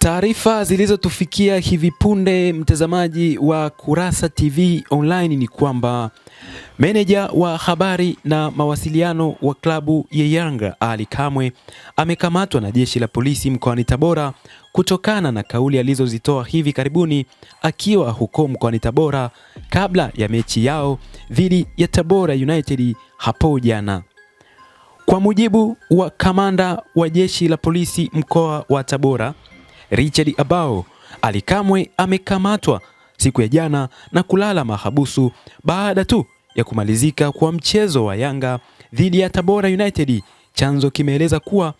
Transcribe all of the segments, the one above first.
Taarifa zilizotufikia hivi punde, mtazamaji wa Kurasa TV Online, ni kwamba meneja wa habari na mawasiliano wa klabu ya Yanga Ali Kamwe amekamatwa na jeshi la polisi mkoani Tabora kutokana na kauli alizozitoa hivi karibuni akiwa huko mkoani Tabora kabla ya mechi yao dhidi ya Tabora United hapo jana. Kwa mujibu wa kamanda wa jeshi la polisi mkoa wa Tabora Richard Abao alikamwe amekamatwa siku ya jana na kulala mahabusu baada tu ya kumalizika kwa mchezo wa Yanga dhidi ya Tabora United. Chanzo kimeeleza kuwa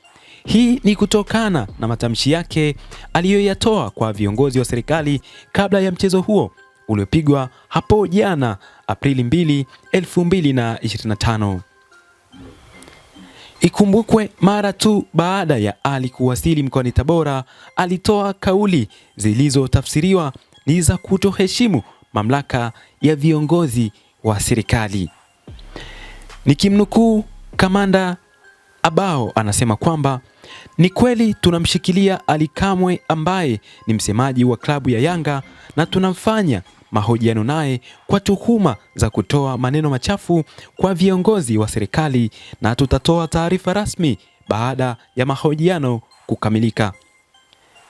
hii ni kutokana na matamshi yake aliyoyatoa kwa viongozi wa serikali kabla ya mchezo huo uliopigwa hapo jana Aprili 2, 2025. Ikumbukwe mara tu baada ya Ali kuwasili mkoani Tabora, alitoa kauli zilizotafsiriwa ni za kutoheshimu mamlaka ya viongozi wa serikali. Nikimnukuu Kamanda Abao anasema kwamba ni kweli tunamshikilia Ali Kamwe ambaye ni msemaji wa klabu ya Yanga na tunamfanya mahojiano naye kwa tuhuma za kutoa maneno machafu kwa viongozi wa serikali na tutatoa taarifa rasmi baada ya mahojiano kukamilika.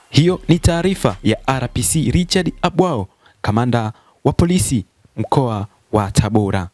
Hiyo ni taarifa ya RPC Richard Abwao, kamanda wa polisi mkoa wa Tabora.